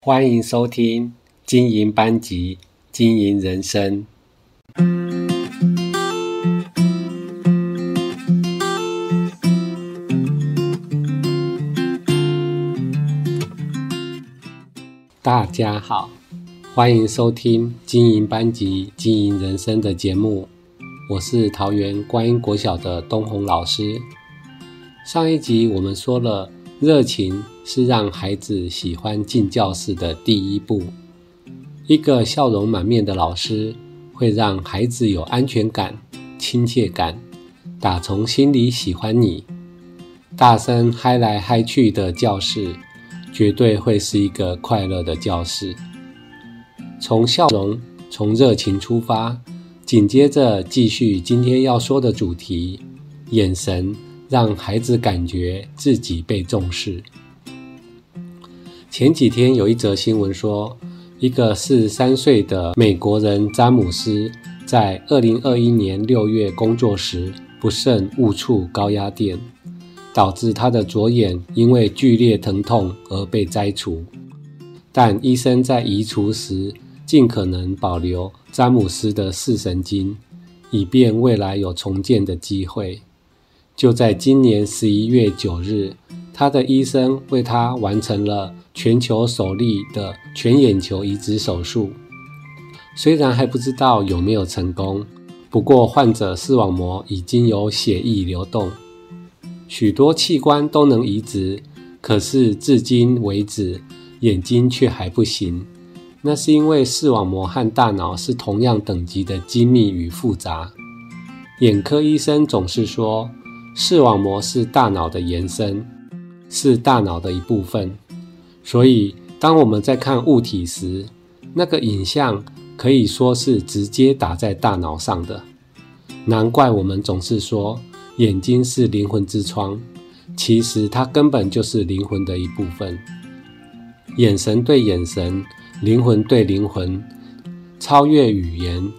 歡迎收聽《經營班級，經營人生》。大家好，歡迎收聽《經營班級，經營人生》的節目。我是桃園觀音國小的東紅老師。上一集我們說了。熱情是讓孩子喜歡進教室的第一步。一個笑容滿面的老師會讓孩子有安全感、親切感，打從心裡喜歡你。大聲嗨來嗨去的教室，絕對會是一個快樂的教室。從笑容、從熱情出發，緊接着繼續今天要說的主題：眼神。讓孩子感覺自己被重視。前幾天有一則新聞說，一個四十三歲的美國人詹姆斯在二零二一年六月工作時不慎誤觸高壓電，導致他的左眼因為劇烈疼痛而被摘除。但醫生在移除時盡可能保留詹姆斯的視神經，以便未來有重建的機會。就在今年十一月九日，他的醫生為他完成了全球首例的全眼球移植手術。雖然還不知道有沒有成功，不過患者視網膜已經有血液流動，許多器官都能移植，可是至今為止眼睛卻還不行。那是因為視網膜和大腦是同樣等級的精密與複雜。眼科醫生總是說。視網膜是大腦的延伸，是大腦的一部分。所以，當我們在看物體時，那個影像可以說是直接打在大腦上的。難怪我們總是說，眼睛是靈魂之窗，其實它根本就是靈魂的一部分。眼神對眼神，靈魂對靈魂，超越語言，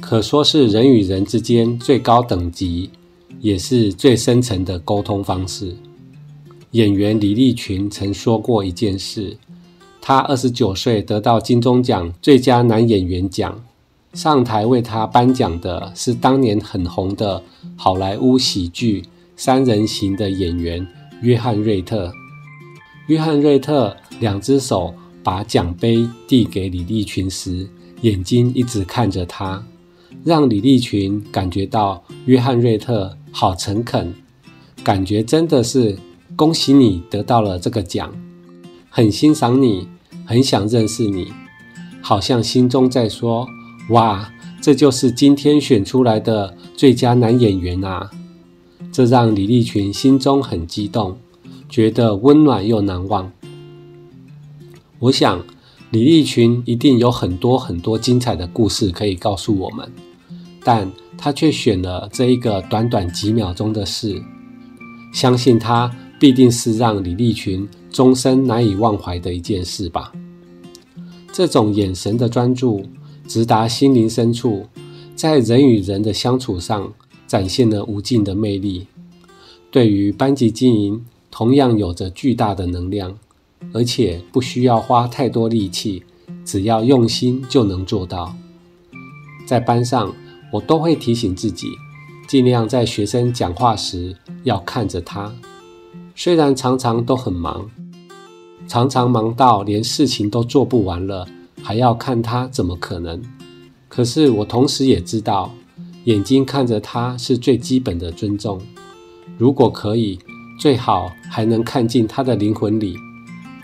可說是人與人之間最高等級，也是最深層的溝通方式。演員李立群曾說過一件事：他二十九歲得到金鐘獎最佳男演員獎，上台為他頒獎的是當年很紅的好萊塢喜劇《三人行》的演員約翰·瑞特。約翰·瑞特兩只手把獎杯遞給李立群時，眼睛一直看着他，讓李立群感覺到約翰·瑞特，好誠懇，感覺真的是恭喜你得到了這個獎，很欣賞你，很想認識你。好像心中在說：“哇，這就是今天選出來的最佳男演員啊！”這讓李立群心中很激動，覺得溫暖又難忘。我想，李立群一定有很多很多精彩的故事可以告訴我們，但……他卻選了這一個短短幾秒鐘的事，相信他必定是讓李立群終身難以忘懷的一件事吧。這種眼神的專注，直達心靈深處，在人與人的相處上展現了無盡的魅力。對於班級經營同樣有着巨大的能量，而且不需要花太多力氣，只要用心就能做到。在班上，我都會提醒自己，盡量在學生講話時要看着他。雖然常常都很忙，常常忙到連事情都做不完了，還要看他，怎麼可能？可是我同時也知道，眼睛看着他是最基本的尊重。如果可以，最好還能看進他的靈魂裡，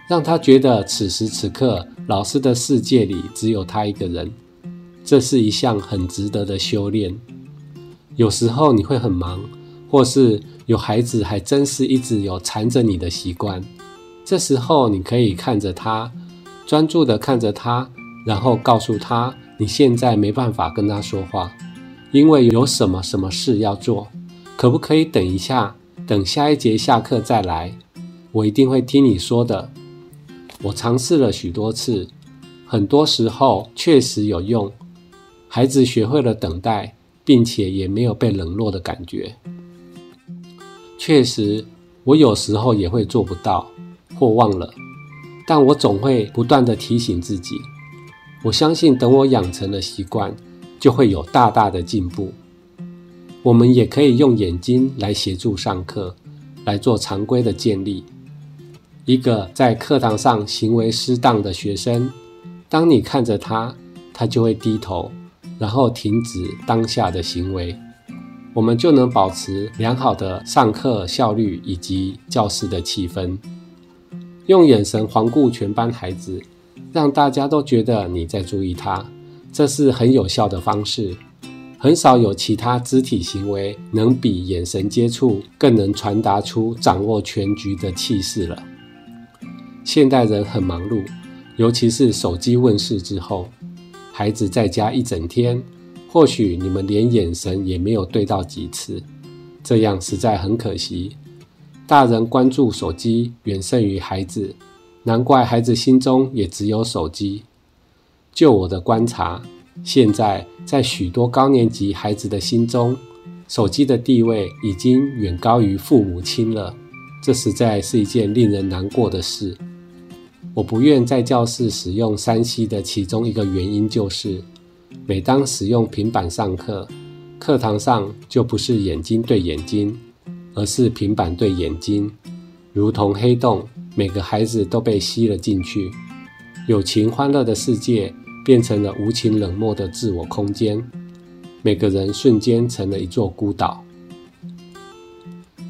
讓他覺得此時此刻老師的世界裡只有他一個人。這是一項很值得的修煉。有時候你會很忙，或是有孩子，還真是一直有纏着你的習慣。這時候你可以看着他，專注的看着他，然後告訴他，你現在沒辦法跟他說話，因為有什麼什麼事要做。可不可以等一下，等下一節下課再來？我一定會聽你說的。我嘗試了許多次，很多時候確實有用。孩子學會了等待，並且也沒有被冷落的感覺。確實，我有時候也會做不到或忘了，但我總會不斷地提醒自己。我相信，等我養成了習慣，就會有大大的進步。我們也可以用眼睛來協助上課，來做常規的建立。一個在課堂上行為失當的學生，當你看着他，他就會低頭。然後停止當下的行為，我們就能保持良好的上課效率以及教室的氣氛。用眼神環顧全班孩子，讓大家都覺得你在注意他，這是很有效的方式。很少有其他肢體行為能比眼神接觸更能傳達出掌握全局的氣勢了。現代人很忙碌，尤其是手機問世之後。孩子在家一整天，或許你們連眼神也沒有對到幾次，這樣實在很可惜。大人關注手機遠勝於孩子，難怪孩子心中也只有手機。就我的觀察，現在在許多高年級孩子的心中，手機的地位已經遠高於父母親了，這實在是一件令人難過的事。我不願在教室使用三 C 的其中一個原因就是，每當使用平板上課，課堂上就不是眼睛對眼睛，而是平板對眼睛，如同黑洞，每個孩子都被吸了進去，有情歡樂的世界變成了無情冷漠的自我空間，每個人瞬間成了一座孤島。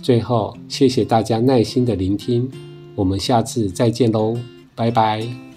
最後，謝謝大家耐心的聆聽，我們下次再見嘍。拜拜。